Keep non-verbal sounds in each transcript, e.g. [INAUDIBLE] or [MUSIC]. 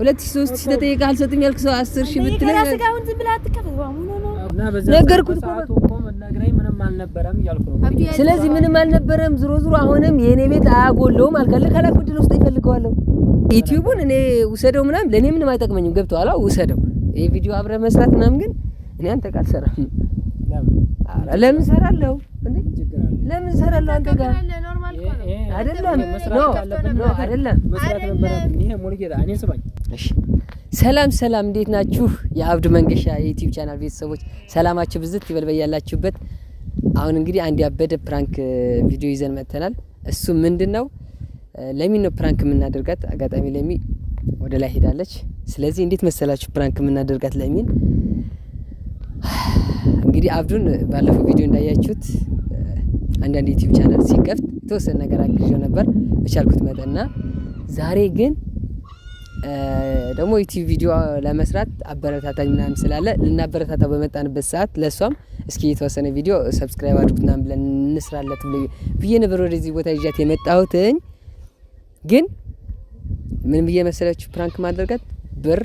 ሁለት ሺህ ሦስት ሺህ ተጠየቀ አልሰጥም ያልክ ሰው አስር ሺህ ብትለኝ ነገርኩት እኮ ምንም አልነበረም እያልኩ ነው። ስለዚህ ምንም አልነበረም። ዞሮ ዞሮ አሁንም የእኔ ቤት አያጎለውም አልካለህ ካላጎደለ ውስጥ ይፈልገዋለሁ። ዩቲዩቡን እኔ ውሰደው ምናምን ለእኔ ምንም አይጠቅመኝም። ገብቶሃል? ውሰደው ይህ አብረ መስራት ምናምን ግን እኔ አንተ ጋር አልሰራም። ለምን እሰራለሁ? ለምን እሰራለሁ አንተ ጋር ሰላም ሰላም፣ እንዴት ናችሁ? የአብዱ መንገሻ የዩቲዩብ ቻናል ቤተሰቦች ሰላማችሁ ብዝት ይበልበይ ያላችሁበት አሁን እንግዲህ አንድ ያበደ ፕራንክ ቪዲዮ ይዘን መጥተናል። እሱ ምንድን ነው? ለሚ ነው ፕራንክ የምናደርጋት። አጋጣሚ ለሚ ወደ ላይ ሄዳለች። ስለዚህ እንዴት መሰላችሁ ፕራንክ የምናደርጋት ለሚን እንግዲህ አብዱን ባለፈው ቪዲዮ እንዳያችሁት አንዳንድ ዩቲዩብ ቻናል ሲከፍት የተወሰነ ነገር አግዤው ነበር በቻልኩት መጠንና ዛሬ ግን ደግሞ ዩቲዩብ ቪዲዮ ለመስራት አበረታታኝ ምናምን ስላለ ልናበረታታው በመጣንበት ሰዓት ለእሷም እስኪ የተወሰነ ቪዲዮ ሰብስክራይብ አድርጉት ምናምን ብለን እንስራለት ብዬ ነበር ወደዚህ ቦታ ይዣት የመጣሁትኝ። ግን ምን ብዬ መሰለች ፕራንክ ማድረጋት ብር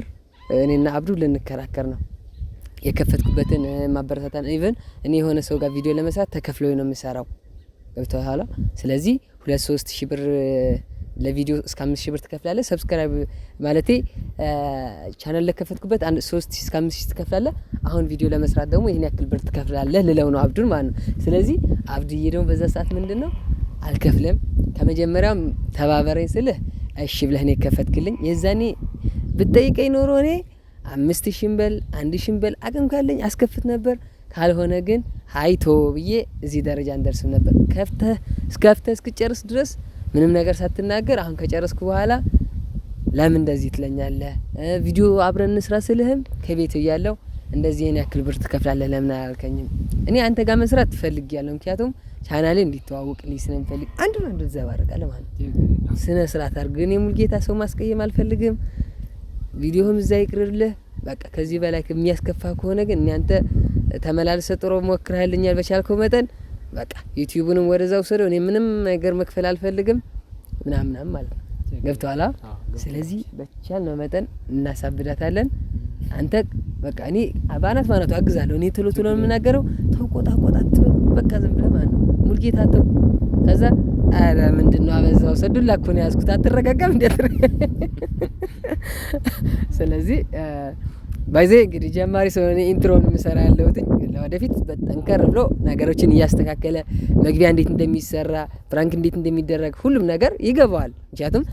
እኔና አብዱ ልንከራከር ነው የከፈትኩበትን ማበረታታን ኢቨን እኔ የሆነ ሰው ጋር ቪዲዮ ለመስራት ተከፍሎ ነው የምሰራው ኋላ ስለዚህ ሁለት ሶስት ሺ ብር ለቪዲዮ እስከ አምስት ሺ ብር ትከፍላለህ። ሰብስክራይብ ማለቴ ቻናል ለከፈትኩበት አንድ ሶስት ሺህ እስከ አምስት ሺ ትከፍላለህ። አሁን ቪዲዮ ለመስራት ደግሞ ይህን ያክል ብር ትከፍላለህ ልለው ነው አብዱን ማለት ነው። ስለዚህ አብዱዬ ደግሞ በዛ ሰዓት ምንድን ነው አልከፍለም፣ ከመጀመሪያም ተባበረኝ ስልህ እሺ ብለህ ነው የከፈትክልኝ። የዛኔ ብጠይቀኝ ኖሮ እኔ አምስት ሺህም አንድ ሺህም በል አቅም ካለኝ አስከፍት ነበር። ካልሆነ ግን ሀይቶ ብዬ እዚህ ደረጃ እንደርስም ነበር። ከፍተ እስከፍተ እስክጨርስ ድረስ ምንም ነገር ሳትናገር አሁን ከጨረስኩ በኋላ ለምን እንደዚህ ትለኛለህ? ቪዲዮ አብረን እንስራ ስልህም ከቤት እያለው እንደዚህ ይህን ያክል ብር ትከፍላለህ ለምን አላልከኝም? እኔ አንተ ጋር መስራት ትፈልግ ያለሁ ምክንያቱም ቻናሌ እንዲተዋወቅ ልኝ ስለምፈልግ አንዱ አንዱ ዘባርቃለ ማለት ነው። ስነ ስርዓት አድርግ። እኔ ሙልጌታ ሰው ማስቀየም አልፈልግም። ቪዲዮህም እዛ ይቅርልህ። በቃ ከዚህ በላይ የሚያስከፋ ከሆነ ግን እኔ አንተ ተመላልሰ ጥሮ ሞክረህልኛል። በቻልከው መጠን በቃ ዩቲዩብንም ወደዛ ውሰደው። እኔ ምንም ነገር መክፈል አልፈልግም ምናምናም ማለት ነው። ገብቶሃል? ስለዚህ በቻል ነው መጠን እናሳብዳታለን። አንተ በቃ እኔ በአናት ማናቱ አግዛለሁ። እኔ ትሎ ትሎ የምናገረው ተቆጣ ቆጣ በቃ ዝም ብለህ ማለት ነው። ሙልጌታ ተው። ከዛ አረ ምንድን ነው አበዛው፣ ሰዱላ እኮ ነው ያዝኩት። አትረጋጋም እንዴት? [LAUGHS] ስለዚህ ባይዜ እንግዲህ ጀማሪ ስለሆነ ኢንትሮን የምሰራ ያለሁት ለወደፊት በጠንከር ብሎ ነገሮችን እያስተካከለ መግቢያ እንዴት እንደሚሰራ ፍራንክ እንዴት እንደሚደረግ ሁሉም ነገር ይገባዋል። ምክንያቱም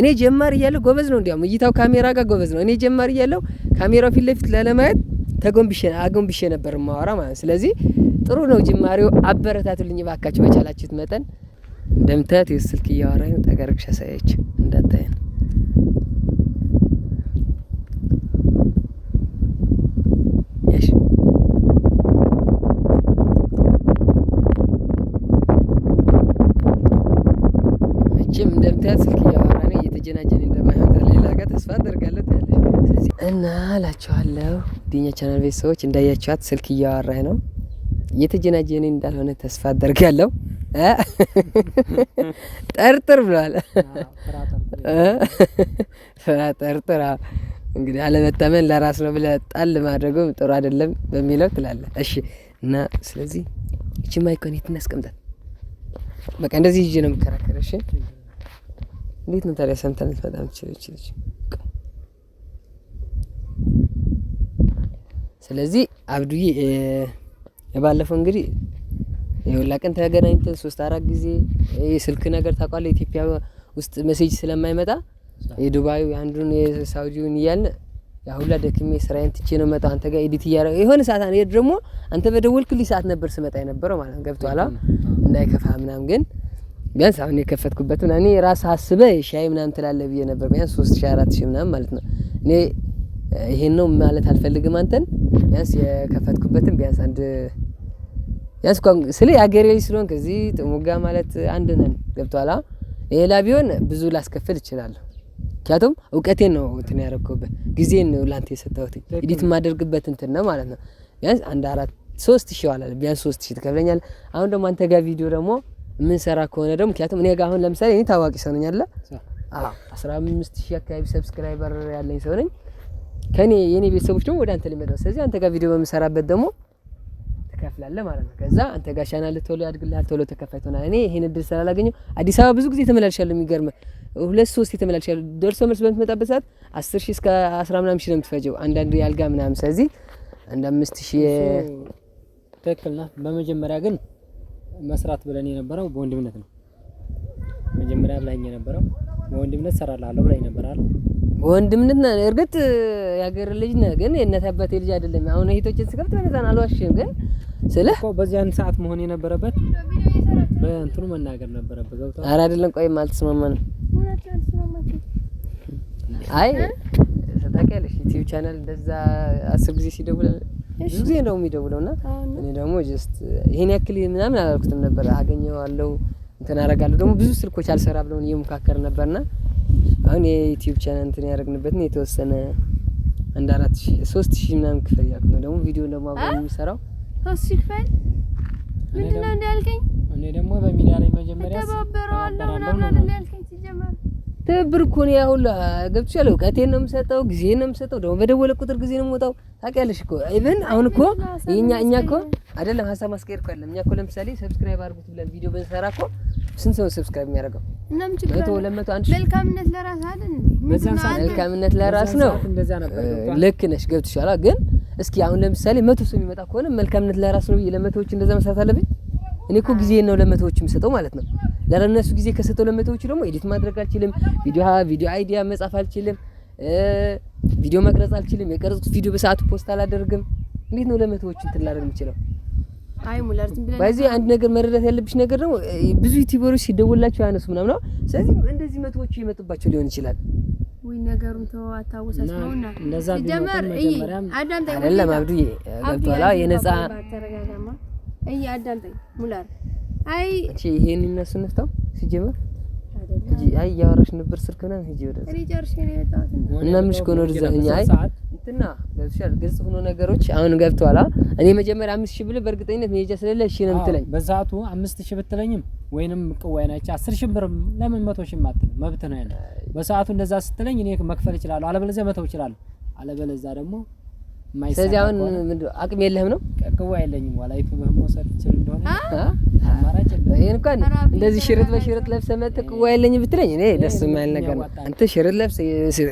እኔ ጀማሪ እያለሁ ጎበዝ ነው፣ እንዲያውም እይታው ካሜራ ጋር ጎበዝ ነው። እኔ ጀማሪ እያለሁ ካሜራው ፊት ለፊት ለለማየት ተጎንብሼ አጎንብሼ ነበር ማወራ ማለት። ነው። ስለዚህ ጥሩ ነው ጅማሬው፣ አበረታቱልኝ ባካቸው በቻላችሁት መጠን። እንደምታያት ስልክ እያወራኝ ጠቀርቅሻ ሳያች እንዳታየን እና እላችኋለሁ ዲኛ ቻናል ቤት ሰዎች እንዳያችኋት ስልክ እያወራህ ነው። እየተጀናጀኔ እንዳልሆነ ተስፋ አደርጋለሁ። ጠርጥር ብሏል። ፍራ ጠርጥር። እንግዲህ አለመታመን ለራስ ነው ብለህ ጣል ማድረጉም ጥሩ አይደለም በሚለው ትላለህ። እሺ። እና ስለዚህ እቺ ማይኮን የት እናስቀምጣት? በቃ እንደዚህ ይዤ ነው የምከራከር። እሺ። እንዴት ነው ታዲያ ሰምተን ልትመጣ ምችል? ስለዚህ አብዱዬ የባለፈው እንግዲህ የሁላ ቀን ተገናኝተን ሶስት አራት ጊዜ ስልክ ነገር ታውቃለህ፣ ኢትዮጵያ ውስጥ መሴጅ ስለማይመጣ የዱባዩ አንዱን የሳውዲውን እያልን ያሁላ ደክሜ ስራዬን ትቼ ነው መጣው አንተ ጋር ኤዲት እያረ የሆነ ሰዓት አንሄ ደግሞ አንተ በደወልክልኝ ሰዓት ነበር ስመጣ የነበረው ማለት ነው። ገብቶሃል እንዳይከፋ ምናም ግን ቢያንስ አሁን የከፈትኩበት ምናምን እኔ ራስህ አስበህ ሻይ ምናምን ትላለህ ብዬ ነበር። ቢያንስ ሶስት ሺህ አራት ሺህ ምናምን ማለት ነው እኔ ይሄን ነው ማለት አልፈልግም። አንተን ቢያንስ የከፈትኩበትን ቢያንስ አንድ ቢያንስ እንኳን ስለ የአገሬ ልጅ ስለሆንክ እዚህ ጥሙጋ ማለት አንድ ነን። ገብቶሃል? ሌላ ቢሆን ብዙ ላስከፍል እችላለሁ። ምክንያቱም እውቀቴን ነው እንትን ያደረግኩበት ጊዜን ነው ላንተ የሰጠሁት ኢዲት የማደርግበት እንትን ነው ማለት ነው። ቢያንስ አንድ አራት ሶስት ሺህ ዋላል ቢያንስ ሶስት ሺህ ትከፍለኛል። አሁን ደግሞ አንተ ጋር ቪዲዮ ደግሞ የምንሰራ ከሆነ ደግሞ ምክንያቱም እኔ ጋር አሁን ለምሳሌ እኔ ታዋቂ ሰው ነኝ አለ አስራ አምስት ሺህ አካባቢ ሰብስክራይበር ያለኝ ሰው ነኝ። ከኔ የኔ ቤተሰቦች ደግሞ ወደ አንተ ሊመጣ ስለዚህ አንተ ጋር ቪዲዮ በምሰራበት ደግሞ ትከፍላለህ ማለት ነው። ከዛ አንተ ጋር ቻናል ቶሎ ያድግልሃል፣ ቶሎ ተከፋይ ትሆናለህ። እኔ ይሄን እድል ስላላገኘሁ አዲስ አበባ ብዙ ጊዜ ተመላልሻለሁ። የሚገርም ሁለት ሶስት ተመላልሻለሁ። ደርሶ መልስ በምትመጣበት ሰዓት 10 ሺህ እስከ 10 ምናምን ሺህ ነው የምትፈጀው፣ አንዳንድ ያልጋ ምናምን። ስለዚህ አንድ አምስት ሺህ ትክክል ናት። በመጀመሪያ ግን መስራት ብለን የነበረው በወንድምነት ነው። መጀመሪያ ብላኝ የነበረው በወንድምነት ሰራላለሁ ብላኝ ነበራል ወንድምነት ነን። እርግጥ የሀገር ልጅ ነህ፣ ግን የእናት አባቴ ልጅ አይደለም። አሁን እህቶችን ስከፍት በነዛን አልዋሽም፣ ግን ስለ በዚያን ሰዓት መሆን የነበረበት በእንትኑ መናገር ነበረበት። ገብቶሃል? ኧረ አይደለም። ቆይም አልተስማማንም። አይ ታውቂያለሽ፣ ዩቲዩብ ቻናል እንደዛ አስር ጊዜ ሲደውል ብዙ ጊዜ ነው የሚደውለው እና እኔ ደግሞ ጀስት ይሄን ያክል ምናምን አላልኩትም ነበር። አገኘዋለሁ እንትን አደርጋለሁ ደግሞ ብዙ ስልኮች አልሰራ ብለውን እየሞካከር ነበርና አሁን የዩቲዩብ ቻናል እንትን ያደረግንበትን የተወሰነ አንድ አራት ሺህ ሶስት ሺህ ምናምን ክፍል ያልኩ ነው። ደግሞ ቪዲዮ ደግሞ አብረን የሚሰራው ሶስት ሺህ ክፍል ምንድን ነው እንዳልከኝ? እኔ ደግሞ በሚዲያ ላይ መጀመሪያ ተባበረዋለሁ ምናምን እንዳልከኝ ሲጀመር ትብብር እኮ ነው ያሁን ገብቶ ያለው እውቀቴን ነው የምሰጠው፣ ጊዜን ነው የምሰጠው። ደግሞ በደወለ ቁጥር ጊዜ ነው የምወጣው። ታውቂያለሽ እኮ ኢቨን አሁን እኮ እኛ እኛ እኮ አይደለም ሀሳብ ማስቀየር እኮ አይደለም። እኛ እኮ ለምሳሌ ሰብስክራይብ አድርጉት ብለን ቪዲዮ ብንሰራ እኮ ስንት ሰው ሰብስክራይብ የሚያደርገው? መቶ ሁለት መቶ አንድ መልካምነት ለራስ አይደል? መልካምነት ለራስ ነው። ልክ ነሽ፣ ገብቶሻል። ግን እስኪ አሁን ለምሳሌ መቶ ሰው የሚመጣ ከሆነ መልካምነት ለራስ ነው ብዬ ለመቶዎች እንደዛ መስራት አለብኝ? እኔ እኮ ጊዜ ነው ለመቶዎች የምሰጠው ማለት ነው። ለእነሱ ጊዜ ከሰጠው ለመቶዎች ደግሞ ኤዲት ማድረግ አልችልም፣ ቪዲዮ ቪዲዮ አይዲያ መጻፍ አልችልም፣ ቪዲዮ መቅረጽ አልችልም፣ የቀረጽኩት ቪዲዮ በሰዓቱ ፖስት አላደርግም። እንዴት ነው ለመቶዎች እንትን ላደርግ የምችለው? በዚህ አንድ ነገር መረዳት ያለብሽ ነገር ነው። ብዙ ዩቲዩበሮች ሲደወላቸው ያነሱ ምናምን ነው። ስለዚህ እንደዚህ መቶዎቹ የመጡባቸው ሊሆን ይችላል። ወይ ነገሩን ተው አታውሳስ ነውና ጀመር አይደለም አብዱዬ ገብቷላ እይ አዳንታይ ሙላር አይ ይሄን ሲጀመር አይ እያወራሽ ነበር ስልክ ምናምን ሂጂ ወደ እኔ ጨርሼ ነው የወጣሁት እና ምሽኮ ነው ወደዛ አይ ትምህርትና ገብቶሻል። ግልጽ ሆኖ ነገሮች አሁን ገብቷላ። እኔ መጀመሪያ አምስት ሺህ ብልህ በእርግጠኝነት መሄጃ ስለሌለ እሺ ነው የምትለኝ። በዛቱ አምስት ብትለኝም ወይንም ቅዋይ አስር ብር ለምን መቶ ሺህ ማትል መብት ነው ያለ። በሰዓቱ እንደዛ ስትለኝ እኔ መክፈል እችላለሁ፣ አለበለዚያ መተው እችላለሁ። አለበለዚያ ደግሞ ስለዚህ አሁን አቅም የለህም ነው? ቀቅቡ አይለኝም ዋላይቱ መውሰድ ትችል እንደሆነ አማራጭ እንኳን እንደዚህ ሽርጥ በሽርጥ ለብሰ መጥተህ ቅቡ አይለኝም ብትለኝ እኔ ደስ የማይል ነገር ነው። አንተ ሽርጥ ለብሰህ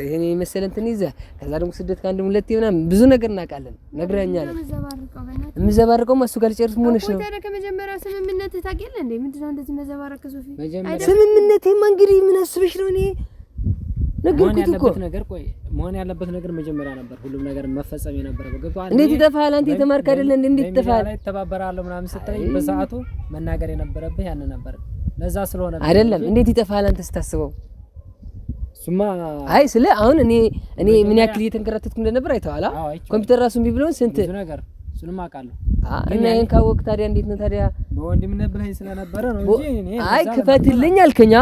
ይህን የመሰለ እንትን ይዘህ ከዛ ደግሞ ስደት ከአንድ ሁለት ምናምን ብዙ ነገር እናውቃለን፣ ነግረኸኛል። የምዘባርቀውማ እሱ ጋር ልጨርስ መሆንሽ ነው። ከመጀመሪያው ስምምነትህ ታውቂያለህ እንዴ? ምንድን ነው እንደዚህ መዘባረቅ? ሶፊ ስምምነትህማ እንግዲህ ምን አስበሽ ነው እኔ ነገርኩት እኮ ነገር ቆይ መሆን ያለበት ነገር መጀመሪያ ነበር። ሁሉም ነገር መፈጸም የነበረ በገብቷል። እንዴት ይጠፋሃል? አንተ የተማርክ አይደለ? እንዴት ይጠፋሃል? ተባበራለሁ ምናምን ስትለኝ በሰዓቱ መናገር የነበረብህ ያን ነበር። ለዛ ስለሆነ አይደለም። እንዴት ይጠፋሃል? አንተ ስታስበው አይ ስለ አሁን እኔ እኔ ምን ያክል እየተንከራተትኩ እንደነበር አይተዋላ። ኮምፒውተር ራሱ እምቢ ብሎን ስንት ነገር እሱንም አውቃለሁ። እና ይሄን ካወቅህ ታዲያ እንዴት ነው ታዲያ? በወንድምነት ብለኸኝ ስለነበረ ነው እንጂ አይ ክፈትልኝ አልከኛ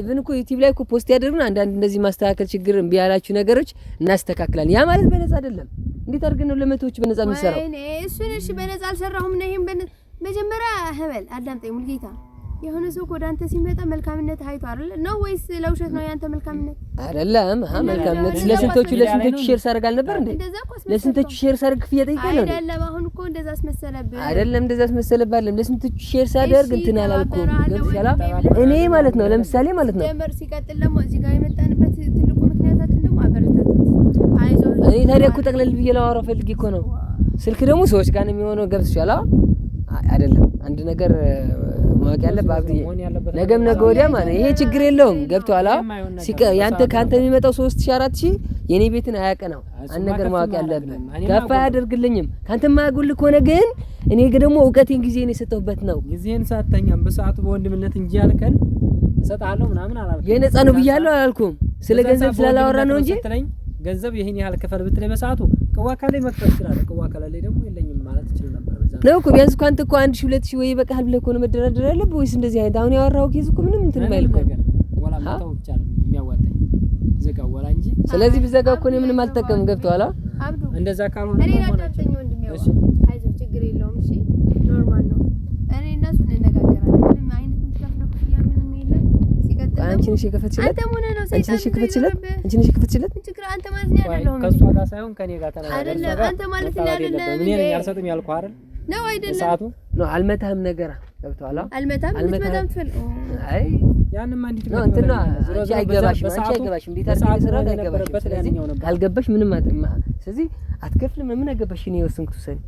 ኢቭን እኮ ዩቲዩብ ላይ እኮ ፖስት ያደርጉን አንዳንድ እንደዚህ ማስተካከል ችግር እምቢ ያላችሁ ነገሮች እናስተካክላለን። ያ ማለት በነፃ አይደለም። እንዴት አድርገን ነው ለመቶዎች በነፃ የምንሰራው? እሱን እሺ፣ በነፃ አልሰራሁም። በነ መጀመሪያ ህበል አዳምጠኝ ሙልጌታ የሆነ ሰው ወደ አንተ ሲመጣ መልካምነት አይቶ አይደል ነው ወይስ ለውሸት ነው? ያንተ መልካምነት አይደለም። አ መልካምነት ለስንቶቹ ለስንቶቹ ሼር ሳርግ አልነበር እንዴ? ለስንቶቹ ሼር ሳርግ ክፍያ ጠይቀህ አይደለም? አሁን እኮ እንደዛ አስመሰለብህ አይደለም? እንደዛ አስመሰለብህ አይደለም? ለስንቶቹ ሼር ሳደርግ እንትን አላልኩም። ገብቶሻል? እኔ ማለት ነው ለምሳሌ ማለት ነው ደምር ሲቀጥል ደግሞ እዚህ ጋር የመጣንበት ትልቁ ምክንያታችን ደግሞ አበረታታ አይዞህ። እኔ ታዲያ እኮ ጠቅለል ብዬ ላወራ ፈልጌ እኮ ነው። ስልክ ደግሞ ሰዎች ጋር ነው የሚሆነው። ገብቶሻል አይደለም? አንድ ነገር ማወቅ ያለብህ አብዬ፣ ነገም ነገ ወዲያ ማለት ይሄ ችግር የለውም። ገብቶሃል? ያንተ ከአንተ የሚመጣው ሶስት ሺህ አራት ሺህ የእኔ ቤትን አያቀናው። አንድ ነገር ማወቅ ያለብህ ከፍ አያደርግልኝም። ከአንተ የማያጎልህ ከሆነ ግን እኔ ደግሞ እውቀቴን ጊዜን የሰጠሁበት ነው። ጊዜን ሳተኛም በሰዓቱ በወንድምነት እንጂ ያልከን እሰጥሃለሁ ምናምን አላልኩም። የነጻ ነው ብያለሁ አላልኩም። ስለ ገንዘብ ስላላወራ ነው እንጂ ገንዘብ ይህን ያህል ክፈል ብትለኝ በሰዓቱ ቅዋ ካለኝ መክፈል እችላለሁ። ቅዋ ካለለኝ ደግሞ ነው እኮ ቢያንስ እኮ እኮ አንድ ሺህ ሁለት ሺህ ወይ በቃ ብለህ እኮ ነው መደራደር ያለብህ። ወይስ እንደዚህ አይነት አሁን ያወራው ኬዝ እኮ ምንም እንትን የማይል እኮ ስለዚህ ብዘጋ እኮ ነው ምንም አልጠቀምም። ገብቶሃል? እንደዛ ካልሆነ ችግር የለውም እሺ፣ ነው። አንቺ ነሽ የከፈትሽለት፣ አንተ ምን ነው አንቺ አንቺ ነሽ የከፈትሽለት። አንተ ማለት ነው ያደለው ከእሷ ጋር ሳይሆን ከእኔ ጋር ተናገር። አይደለም አንተ ማለት ነው ያደለው እኔ ነው አይደለም? ሰዓቱ ነው። አልመታህም ነገራ ገብቶሃል? አልመታህም ልትመታም ትፈል አይ ካልገባሽ ምንም ስለዚህ አትከፍልም። ምን አገባሽ? እኔ ወስንኩት ሰኝ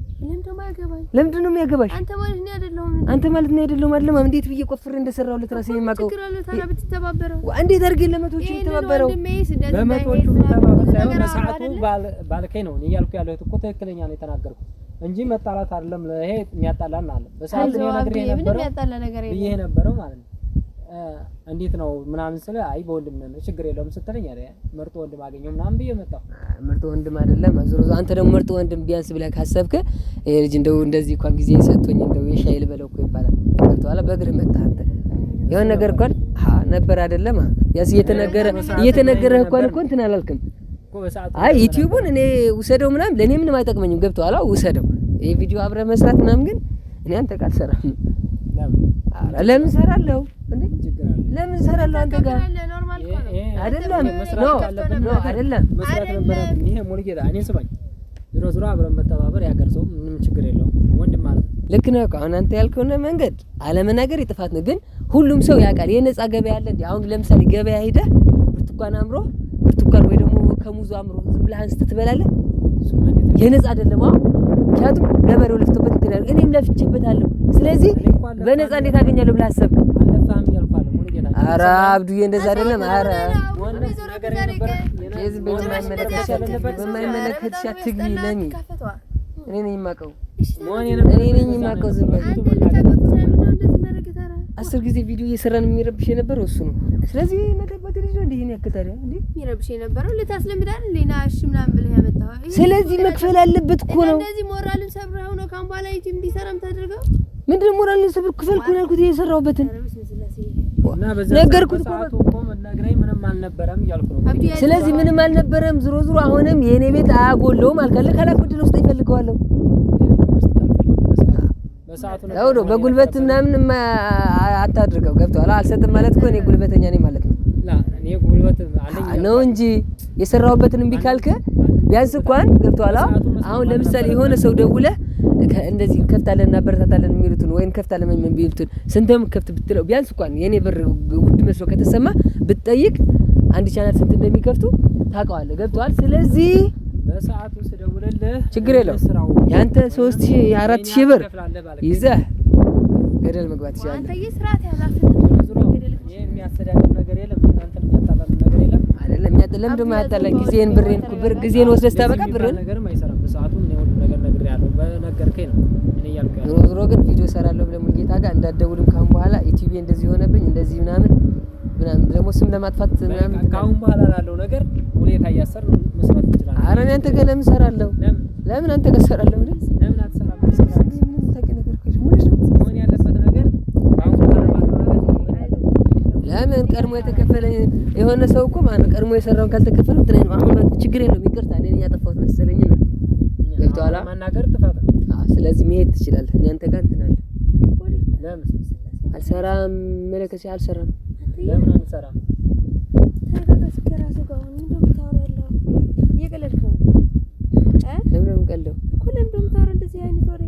ለምንድን ነው የሚያገባሽ? አንተ ማለት ነው አይደለም? አንተ አይደለም? እንዴት ብዬ ቆፍሬ እንደሰራው ለትራሴ የማቀው እንዴት አድርጌ ለመቶቹ የምተባበረው በመቶቹ ሳይሆን በሰዓቱ ባልከኝ ነው እያልኩ ያለሁት እኮ ትክክለኛ ነው የተናገርኩት እንጂ መጣላት አይደለም። ይሄ የሚያጣላን አለ በሰዓት ነው ነገር ይሄ ነበረው ማለት ነው። እንዴት ነው ምናምን ስለ አይ በወንድም ነው ችግር የለውም ስትለኝ አለ ምርጥ ወንድም አገኘው ምናምን ብዬ መጣሁ። ምርጥ ወንድም አይደለም አዞሮ አንተ ደግሞ ምርጥ ወንድም ቢያንስ ብለህ ካሰብክ ይሄ ልጅ እንደው እንደዚህ እንኳን ጊዜ ሰጥቶኝ እንደው የሻይ ልበለው እኮ ይባላል። ከተዋለ በእግርህ መጣ አንተ የሆነ ነገር እንኳን ነበር አይደለም ቢያንስ እየተነገረ እየተነገረህ እንኳን እኮ እንትን አላልክም አይ ዩቲዩቡን እኔ ውሰደው ምናምን ለእኔ ምንም አይጠቅመኝም። ገብቶ ገብቶሃል? ውሰደው ይሄ ቪዲዮ አብረ መስራት ምናምን ግን እኔ አንተ ቃል ሰራ ለምን ሰራለሁ? ለምን ሰራለሁ? አንተ ጋር አይደለም። አይደለም መስራት አይደለም። ይሄ ሙሉጌታ እኔ ስማኝ፣ ዞሮ ዞሮ አብረን መተባበር ያገር ሰው ምንም ችግር የለውም ወንድም ማለት ነው። ልክ ነው። አሁን አንተ ያልከውን መንገድ አለመናገር የጥፋት ነው፣ ግን ሁሉም ሰው ያውቃል። የነጻ ገበያ አለ። አሁን ለምሳሌ ገበያ ሄደህ ብርቱካን አምሮ ብርቱካን ወይ ከሙዙ አምሮ ዝም ብለህ አንስተህ ትበላለህ። የነፃ አይደለም። አሁን ምክንያቱም ገበሬው ለፍቶበት ይላል፣ እኔም ለፍቼበታለሁ። ስለዚህ በነፃ እንዴት አገኛለሁ ብለህ አሰብክ? ኧረ አብዱዬ እንደዛ አይደለም። ኧረ እዚህ በማይመለከትሽ አትግቢ። ለኔ እኔ ነኝ የማውቀው እኔ ነኝ የማውቀው። ዝም በል አስር ጊዜ ቪዲዮ እየሰራን የሚረብሽ የነበረው እሱ ነው። ስለዚህ ልጅ ነው እንዴ? ይሄን እንዴ? የሚረብሽ የነበረው ልታስለምዳል እሺ ምናምን ብለህ ስለዚህ መክፈል አለበት እኮ ነው። እንደዚህ ሞራልን ሰብረው ነው ካሁን በኋላ እንዲሰራም ምንድነው ሞራልን ሰብር ክፈል ኩን ያልኩት የሰራሁበትን ነገርኩት እኮ ምንም አልነበረም እያልኩ ነው። ስለዚህ ምንም አልነበረም። ዝሮ ዝሮ አሁንም የኔ ቤት አያጎለውም አልካለ ካላክ ምንድነው ውስጥ ይፈልገዋለሁ ነው በጉልበት ምናምን አታድርገው። ገብቶሃል? አልሰጥም ማለት እኮ እኔ ጉልበተኛ ነኝ ማለት ነው። ነው እንጂ የሰራሁበትን እምቢ ካልክ ቢያንስ እንኳን ገብቶሃል። አሁን ለምሳሌ የሆነ ሰው ደውለ እንደዚህ ከፍታለን እናበረታታለን የሚሉትን ወይም ከፍታለን የሚሉትን ስንትም ከፍት ብትለው ቢያንስ እንኳን የኔ ብር ውድ መስሎ ከተሰማ ብትጠይቅ አንድ ቻናል ስንት እንደሚከፍቱ ታውቀዋለህ። ገብቶሃል። ስለዚህ በሰዓቱ ስደውልልህ ችግር የለውም። ያንተ 3000 ሺ ብር ይዘህ ገደል መግባት ይችላል። ለምንድን ነው ያጣላኝ? ጊዜን ብሬን ብር ጊዜን ወስደህ ስታበቃ ብርን ነገርም አይሰራም። በሰዓቱ ሁሉ ነገር ነግሬሃለሁ፣ በነገርከኝ እኔ እያልኩ ያለው። ዞሮ ዞሮ ግን ቪዲዮ እሰራለሁ ብለህ ሙሉጌታ ጋር እንዳደውልም ካሁን በኋላ ኢቲቪ እንደዚህ ሆነብኝ እንደዚህ ምናምን ምናምን ደግሞ ስም ለማጥፋት ምናምን ካሁን በኋላ ላለው ነገር ሁኔታ እያሰር መስራት ይችላል። አረ እኔ አንተ ጋር ለምን እሰራለሁ? ለምን አንተ ጋር እሰራለሁ? ለምን ቀድሞ የተከፈለ የሆነ ሰው እኮ ማለት ቀድሞ የሰራውን ካልተከፈለ እንትን ነው። አሁን በቃ ችግር የለውም ይቅርታ፣ እኔ ያጠፋሁት መሰለኝ ነው ገብቶሃል። ማናገር ጥፋት ስለዚህ መሄድ ትችላለህ። እኔ አንተ ጋር እንትን አለ አልሰራም፣ መለከሴ አልሰራም። ለምን አልሰራም? ለምን ቀለው ለምን እንደምታወራ እንደዚህ አይነት ወሬ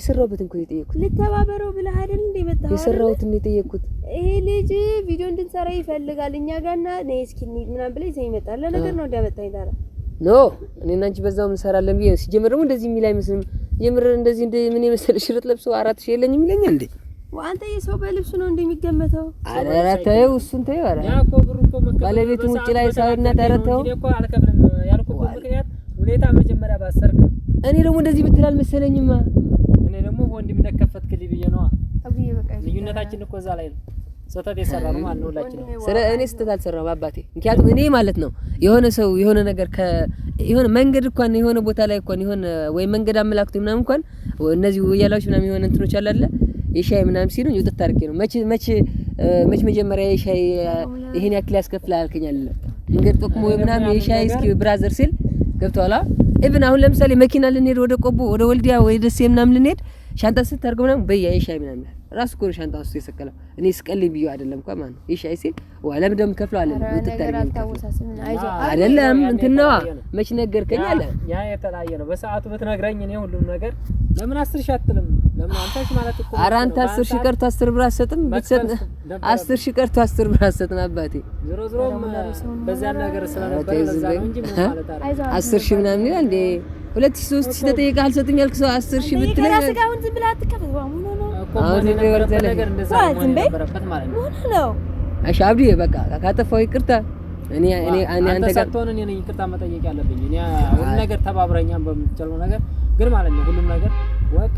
የሰራሁበትን እኮ የጠየኩት ልተባበረው ብለህ አይደል እንዴ? መጣ የሰራሁትን የጠየኩት ይሄ ልጅ ቪዲዮ እንድንሰራ ይፈልጋል እኛ ጋና ነይ እስኪ እንሂድ ምናምን ብለህ ይዘህ ይመጣል። ለነገር ነው እንዲያመጣኝ ታዲያ ኖ እኔና አንቺ በዛው እንሰራለን ብዬ ሲጀምር ደግሞ እንደዚህ የሚል አይመስልም። ጀምር እንደዚህ እንደ ምን የመሰለ ሽርጥ ለብሶ አራት ሺህ የለኝም ይለኛል እንዴ? አንተ የሰው በልብሱ ነው እንደሚገመተው። ኧረ ተይው እሱን ተይው። ኧረ ባለቤቱን ውጭ ላይ ሳይና ተረተው ያልኩት ምክንያት ሁኔታ መጀመሪያ ባሰርክ እኔ ደግሞ እንደዚህ ብትል አልመሰለኝማ ወንድምነት ከፈትክልኝ ብዬ ነዋ። ልዩነታችን እኮ እዛ ላይ ነው። ስህተት የሰራ ነው ማለት ነው ሁላችንም። ስለ እኔ ስህተት አልሰራም አባቴ። ምክንያቱም እኔ ማለት ነው የሆነ ሰው የሆነ ነገር ከ የሆነ መንገድ እንኳን የሆነ ቦታ ላይ እንኳን የሆነ ወይ መንገድ አመላክቶ ምናምን እንኳን እነዚህ ወያላዎች ምናምን የሆነ እንትኖች አለ አይደለ የሻይ ምናምን ሲሉኝ ውጥት አድርጌ ነው መቼ መቼ መቼ መጀመሪያ የሻይ ይሄን ያክል ያስከፍላል አልከኝ አለ መንገድ ጥቅሙ ምናምን የሻይ እስኪ ብራዘር ሲል ገብቷላ። ኢቭን አሁን ለምሳሌ መኪና ልንሄድ ወደ ቆቦ ወደ ወልዲያ ወይ ደሴ ምናምን ልንሄድ ሻንጣ ስትተረጉም ደግሞ በየሻይ ምናምን ራሱ እኮ ነው ሻንጣ ውስጥ የሰቀለው። እኔ ስቀልኝ ብዬ አይደለም እኮ ማለት ነው። ይሻይ ሲል ዋ ለምደም ከፍለው አይደለም እንትን ነዋ። መች ነገርከኝ አለ። ያ የተለያየ ነው። በሰዓቱ ብትነግረኝ እኔ ሁሉም ነገር ለምን አስር ሺህ አትልም? ኧረ አንተ አስር ሺህ ቀርቶ አስር ብር አትሰጥም? ብትሰጥ አስር ሺህ ቀርቶ አስር ብር አትሰጥም? አባቴ ዞሮ ዞሮ በዚያ ነገር ስለነበረ ለዛ ነው እንጂ አስር ሺህ ምናምን ይላል እንዴ። ሁለት ሺህ ሦስት ሺህ ተጠይቀህ አልሰጥም ያልክ ሰው አስር ሺህ ብትለኝ አብዲ በቃ ካጠፋው ይቅርታ። እኔ እኔ አንተ ጋር ተሆነ እኔ ይቅርታ መጠየቅ ያለብኝ እኔ ሁሉ ነገር ተባብረኛም በሚቻለው ነገር ግን ማለት ነው ሁሉም ነገር በቃ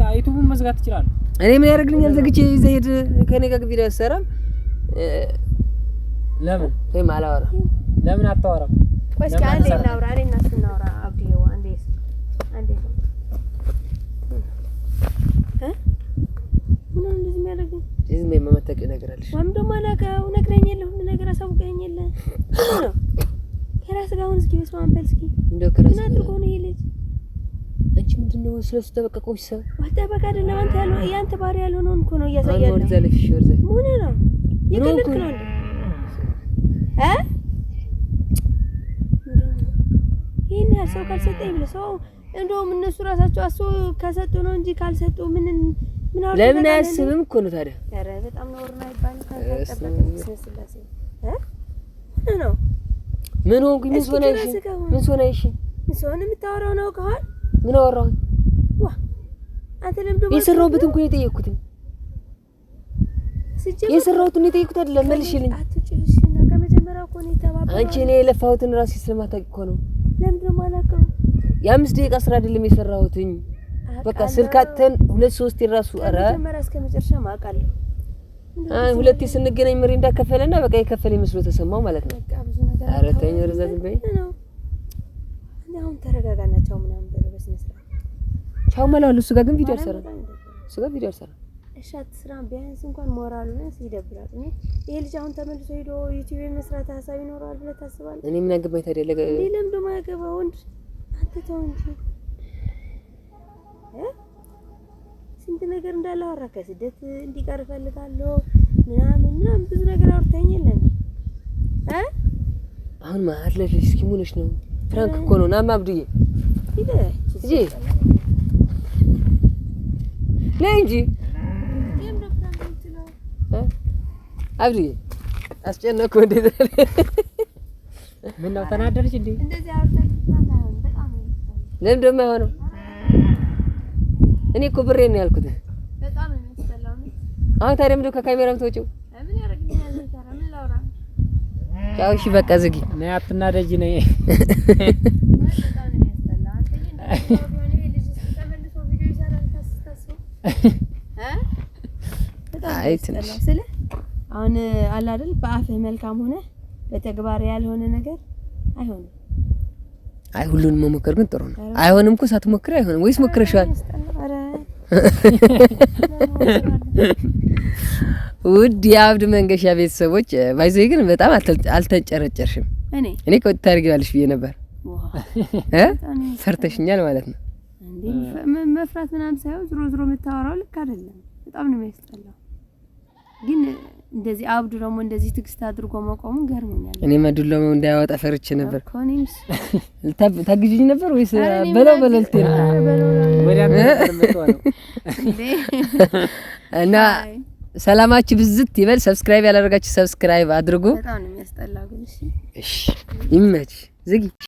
መዝጋት ይችላል። እኔ ምን ያደርግልኛል? ዘግቼ ከኔ ጋር ለምን ለምን አታወራም? ቆይ እስኪ አንዴ እናውራ። እናስ ዝም ብዬ መመተቂያ ነገር አለሽ። ወይም ደግሞ አላውቅም ነግረኝ የለ ሁሉ ነገር አሳውቀኝ የለ [COUGHS] ከራስ ጋር አሁን እስኪ በስመ አብ በል እስኪ እንደው ከራስ ምን አድርጎ ነው ይሄ ልጅ። አንቺ ምንድን ነው ስለሱ ተበቀቀው ይሰ ወጣበቃ አይደለም አንተ ያለው ያንተ ባሪ ያለው ነው እንኮ ነው እያሳያለሁ። ወርዛ ለፍሽ ወርዛ ምን ነው ይቀልክ ነው እንዴ? እ ይሄን ያህል ሰው ካልሰጠኝ ብለህ ሰው እንደውም እነሱ ራሳቸው አስቦ ከሰጡ ነው እንጂ ካልሰጡ ምን ምን አውርደው ለምን አያስብም እኮ ነው ታዲያ በጣም ነውር ነው አይባልም። ምን ሆንኩኝ? ምን ሆነሽ? ምን ሆነሽ? ምን ሆነ? የምታወራው ነው ከሆነ ምን አወራሁኝ? ዋ አንተ ለምዶ የሰራሁበትን እኮ ነው የሰራሁትን ነው አይደለም። መልሽልኝ። አንቺ እኔ የለፋሁትን ራሴ ስለማታውቂ እኮ ነው። የአምስት ደቂቃ ስራ አይደለም የሰራሁትኝ። በቃ ስልካተን ሁለት ሶስት የራሱ ኧረ መጀመሪያ እስከ መጨረሻ ማውቃለሁ ሁለት ስንገናኝ ምሪ እንዳከፈለና በቃ የከፈለ መስሎ ተሰማው ማለት ነው። ኧረ ርዘት በይ አሁን ተረጋጋና ቻው ምናምን በስነ ስርዓት ቻው መላሉ። እሱ ጋር ግን ቪዲዮ አልሰራም፣ እሱ ጋር ቪዲዮ አልሰራም። እሻት አትስራም፣ ቢያንስ እንኳን ነው ይደብራል። እኔ ይሄ ልጅ አሁን ተመልሶ ሄዶ ዩቲዩብ መስራት ሀሳብ ይኖረዋል ብለህ ታስባለህ? እኔ ምን አገባኝ ታዲያ ለገ ለምን ደሞ ወንድ አንተ ተው እንጂ ስንት ነገር እንዳለ አወራ። ከስደት እንዲቀር እፈልጋለሁ ምናምን ምናምን ብዙ ነገር አውርታኝ የለን አሁን መሀል ላይ እስኪ ሙነሽ ነው ፍራንክ እኮ ነው ናማ አብዱዬ እንጂ ነይ እንጂ አብዱዬ አስጨነቅኩ። እንዴት ምነው ተናደድሽ እንዴ? ለምን ደማ የሆነው እኔ እኮ ብሬ ነው ያልኩት። አሁን ታዲያ ምንድን ነው ከካሜራ የምትወጪው? ያው እሺ በቃ ዝጊ። እኔ አትናደጂ ነኝ። አይ ትንሽ ስልህ አሁን አለ አይደል፣ በአፍህ መልካም ሆነ በተግባር ያልሆነ ነገር አይሆንም። አይ ሁሉንም መሞከር ግን ጥሩ ነው። አይሆንም እኮ ሳትሞክሪ አይሆንም ወይስ ሞክረሻል? ውድ የአብድ መንገሻ ቤተሰቦች ባይዘይ ግን በጣም አልተንጨረጨርሽም። እኔ ከወጥ ታደርጊዋለሽ ብዬ ነበር። ፈርተሽኛል ማለት ነው። መፍራት ምናምን ሳይሆን ዝሮ ዝሮ የምታወራው ልክ አይደለም። በጣም ነው የሚያስጠላው ግን እንደዚህ አብዱ ደግሞ እንደዚህ ትግስት አድርጎ መቆሙ ገርሞኛል። እኔ መዱን ለሞ እንዳያወጣ ፈርቼ ነበር። ታግዥኝ ነበር ወይስ በለው በለልት ነው እና ሰላማችሁ ብዝት ይበል። ሰብስክራይብ ያላደረጋችሁ ሰብስክራይብ አድርጉ። በጣም ነው የሚያስጠላው። እሺ ይመች ዝጊ